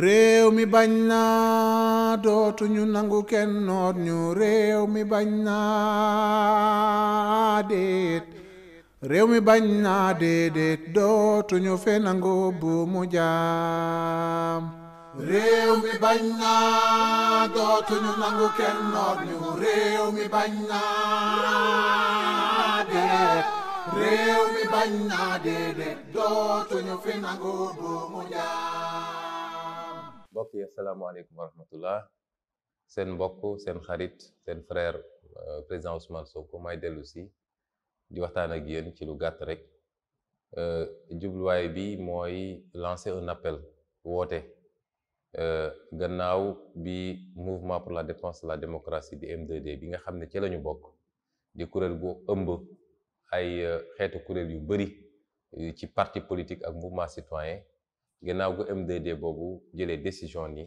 réew mi bañ naa dootuñu nangu kenn noot ñu réew mi bañ naa déet réew mi bañ naa déedéet dootuñu fe nangu bu mu jaam réew mi bañ naa dootuñu nangu kenn noot ñu réew mi bañ naa déet réew mi bañ naa déedéet dootuñu fe nangu bu mu jaam mbokk yi asalaamaaleykum wa seen mbokk seen xarit seen frère euh, président Ousmane Sonko may dellusi si di waxtaan ak yéen ci lu gàtt rek euh, jubluwaay bi mooy lancer un appel woote euh, gannaaw bi mouvement pour la défense de la démocratie bi m bi nga xam ne ci lañu bokk di kuréel gu ëmb ay xeetu kuréel yu bari ci parti politique ak mouvement citoyen ginnaaw gu MDD boobu jëlee décision ni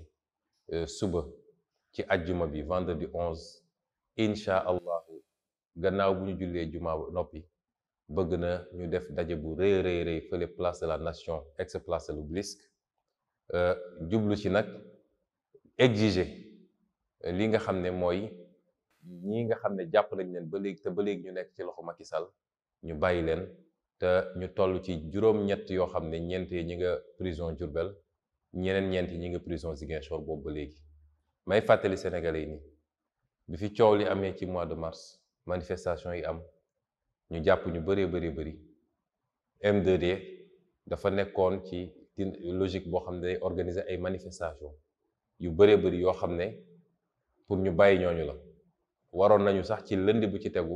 euh, suba ci ajjuma bi vendredi onze incha allahu gannaaw bu ñu jullee jumaa bu noppi bëgg na ñu def daje bu rëy rëy rëy fële place de la nation ex place de l'Obélisque euh, jublu ci nag exiger li nga xam ne mooy ñi nga xam ne jàpp nañ leen ba léegi te ba léegi ñu nekk ci loxo Macky Sall ñu bàyyi leen te ñu toll ci juróom-ñett yoo xam ne ñeent ñi nga prison Diourbel ñeneen ñeent ñi nga prison Ziguinchor boobu ba léegi may fàttali Sénégalais yi nii bi fi coow li amee ci mois de mars manifestation yi am ñu jàpp ñu bëree bëri bëri m dafa nekkoon ci logique boo xam ne day organiser ay manifestation yu bëree bëri yoo xam ne pour ñu bàyyi ñooñu la waroon nañu sax ci lënd bu ci tegu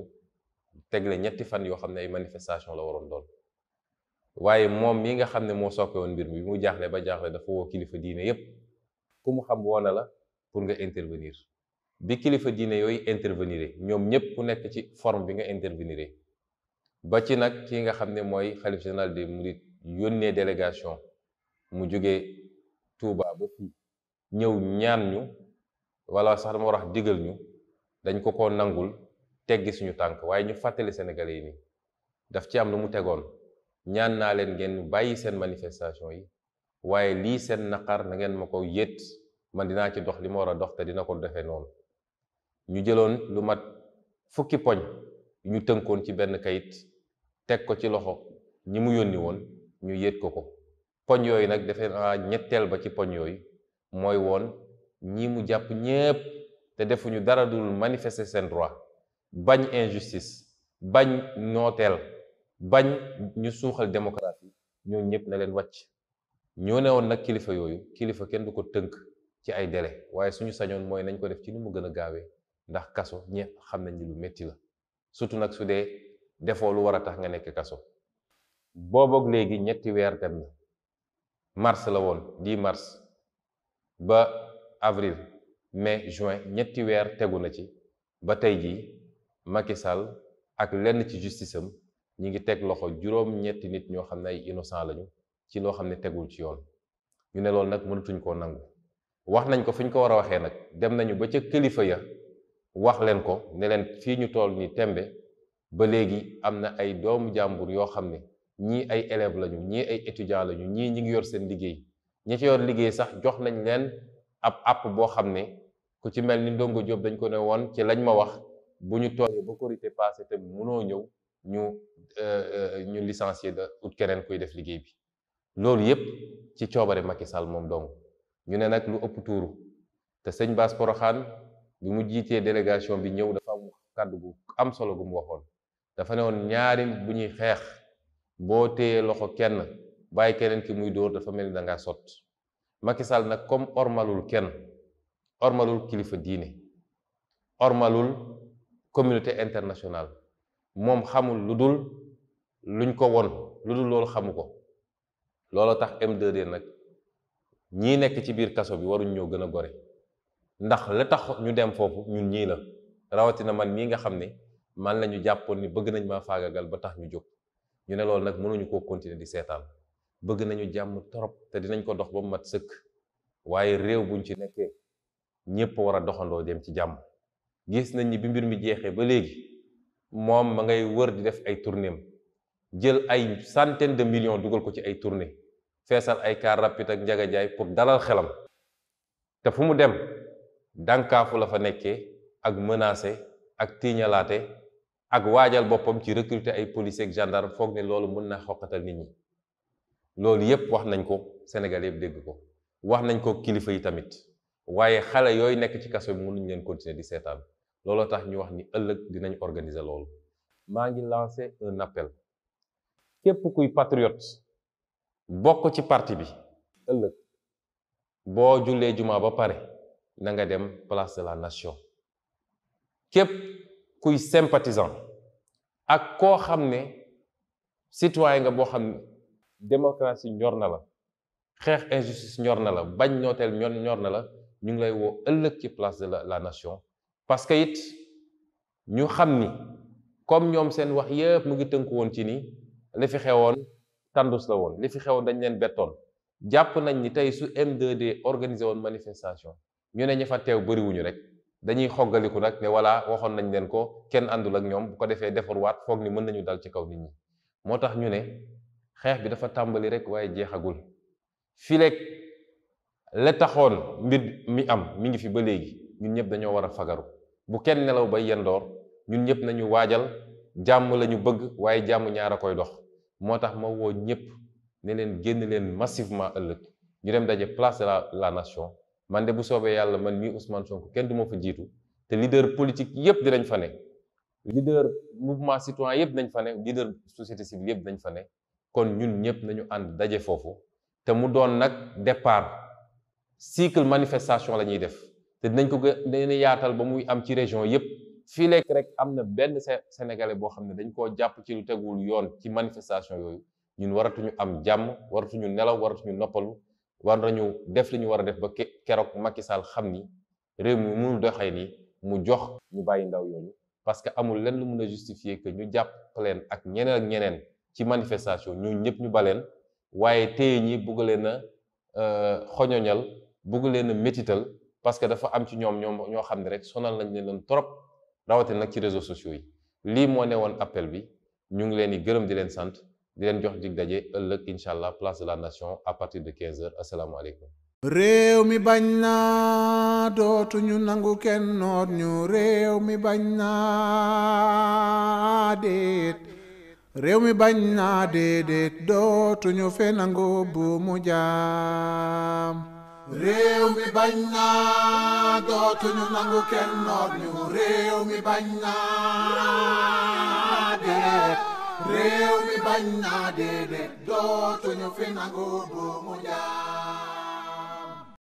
tegle ñetti fan yoo xam ne ay manifestation la waroon doon waaye moom mii nga xam ne moo sooke woon mbir mi bi mu jaaxle ba jaaxle dafa woo kilifa diine yépp ku mu xam woona la pour nga intervenir bi kilifa diine yooyu intervenir ñoom ñëpp ku nekk ci form bi nga intervenir ba ci nag ki nga xam ne mooy xalif général des mourides yónnee délégation mu jóge Touba ba fii ñëw ñaan ñu wala sax dama war a ñu dañ ko ko nangul teggi suñu tànk waaye ñu fàttali Sénégalais yi ni daf ci am lu mu tegoon ñaan naa leen ngeen bàyyi seen manifestation yi waaye lii seen naqar na ngeen ma ko yët man dinaa ci dox li ma war a dox te dina ko defe noonu ñu jëloon lu mat fukki poñ ñu tënkoon ci benn kayit teg ko ci loxo ñi mu yónni woon ñu yët ko ko poñ yooyu nag defee naa ñetteel ba ci poñ yooyu mooy woon ñi mu jàpp ñépp te defuñu dara dul manifester seen droit bañ injustice bañ nooteel bañ ñu suuxal démocratie ñoo ñëpp na leen wàcc ñoo ne woon nag kilifa yooyu kilifa kenn du ko tënk ci ay délai waaye suñu sañoon mooy nañ ko def ci ni mu gën a gaawee ndax kaso ñëpp xam nañ lu metti la surtout nag su dee defoo lu war a tax nga nekk kaso booboog léegi ñetti weer dem na mars la woon 10 mars ba avril mais juin ñetti weer tegu na ci ba tey jii Macky Sall ak lenn ci justice am ñi ngi teg loxo juróom-ñetti nit ñoo xam ne ay innocent lañu ci loo xam ne tegul ci yoon ñu ne lool nag mënatuñ koo nangu wax nañ ko fi ñu ko war a waxee nag dem nañu ba ca kilifa ya wax leen ko ne leen fii ñu tool ni tembe ba léegi am na ay doomu jàmbur yoo xam ne ñii ay élève lañu ñii ay étudiant lañu ñii ñi ngi yor seen liggéey ñi ci yor liggéey sax jox nañ leen ab app boo xam ne ku ci mel ni ndongo Diop dañ ko ne woon ci lañ ma wax bu ñu toogee ba korité passé te munoo ñëw ñu euh, euh, ñu licencier da ut keneen kuy def liggéey bi loolu yépp ci coobare Macky Sall moom dong ñu ne nag lu ëpp tuuru te sëñ Bass Porokhane bi mu jiitee délégation bi ñëw dafa am kàddu gu am solo gu mu waxoon dafa ne woon ñaari bu ñuy xeex boo téyee loxo kenn bàyyi keneen ki muy dóor dafa mel ni da sot Macky Sall nag comme ormalul kenn ormalul kilifa diine ormalul communauté internationale moom xamul lu dul luñ ko won lu dul loolu xamu ko looloo tax m nag ñii nekk ci biir kaso bi waruñ ñoo gën a gore ndax la tax ñu dem foofu ñun ñii la rawatina man mii nga xam ne man la jàppoon ni bëgg nañ maa faagagal ba tax ñu jóg ñu ne loolu nag mënuñu koo continuer di seetaan bëgg nañu jàmm torop te dinañ ko dox ba mu mat sëkk waaye réew buñ ci nekkee ñépp war a doxandoo dem ci jàmm gis nañ ni bi mbir mi jeexee ba léegi moom ma ngay wër di def ay tournéem jël ay centaine de millions dugal ko ci ay tournée feesal ay car rapide ak njaga jaay pour dalal xelam te fu mu dem dànkaafu la fa nekkee ak menacé ak tiiñalaate ak waajal boppam ci recruter ay policiers ak gendarme foog ne loolu mën naa xoqatal nit ñi loolu yépp wax nañ ko Sénégal yépp dégg ko wax nañ ko kilifa yi tamit waaye xale yooyu nekk ci kaso bi mënuñ leen continuer di seetaan looloo tax ñu wax ni ëllëg dinañu organiser loolu maa ngi lancer un appel képp kuy patriote bokk ci parti bi ëllëg boo jullee jumaa ba pare na nga dem place de la nation képp kuy sympathisant ak koo xam ne citoyen nga boo xam ne démocratie ñor na la xeex injustice ñor na la bañ nooteel ñor na la ñu ngi lay woo ëllëg ci place de la nation parce que it ñu xam ni comme ñoom seen wax yëpp mu ngi tënku woon ci nii li fi xewoon tandus la woon li fi xewoon dañ leen bettoon jàpp nañ ni tey su M2D organisé woon manifestation ñu ne ña fa teew bëriwuñu rek dañuy xoggaliku nag ne voilà waxoon nañ leen ko kenn àndul ak ñoom bu ko defee defarwaat foog ni mën nañu dal ci kaw nit ñi moo tax ñu ne xeex bi dafa tàmbali rek waaye jeexagul fileeg la taxoon mbir mi am mi ngi fi ba léegi ñun ñëpp dañoo war a fagaru bu kenn nelaw ba yendoor ñun ñëpp nañu waajal jàmm la ñu bëgg waaye jàmm ñaar a koy dox moo tax ma woo ñëpp ne leen génn leen massivement ëllëg ñu dem daje place de la la nation man de bu soobee yàlla man mii Ousmane Sonko kenn du ma fa jiitu te leader politique yëpp dinañ fa ne. leader mouvement citoyen yëpp nañ fa ne leader société civile yëpp nañ fa ne kon ñun ñëpp nañu ànd daje foofu te mu doon nag départ cycle manifestation la ñuy def. te dinañ ko gën yaatal ba muy am ci région yépp fii lekk rek am na benn sénégalais boo xam ne dañ koo jàpp ci lu tegul yoon ci manifestation yooyu ñun waratuñu am jàmm waratuñu nelaw waratuñu noppalu war nañu def li ñu war a def ba keroog Macky Sall xam ni réew mi mënul doxee nii mu jox ñu bàyyi ndaw yooyu parce que amul lenn lu mun a justifier que ñu jàpp ak ñeneen ak ñeneen ci manifestation ñooñu ñëpp ñu baleen waaye téye ñi bugg leen a euh, xoñoñal bugg leen métital parce que dafa am ci ñoom ñoom ñoo xam ne rek sonal nañ leen trop rawatina nag ci réseau sociaux yi lii moo ne woon appel bi ñu ngi leen di gërëm di leen sant di leen jox dig daje ëllëg incha allah place de la nation à partir de 15 heures asalaamaaleykum. réew mi bañ naa dootuñu nangu kenn noot ñu réew mi bañ naa mi bañ naa déedéet dootuñu fe nangu bu mu jaam. réew mi bañ naa dootuñu nangu kenn ñu réew mi bañ naa déet réew mi bañ naa déedéet dootuñu fi nangu bu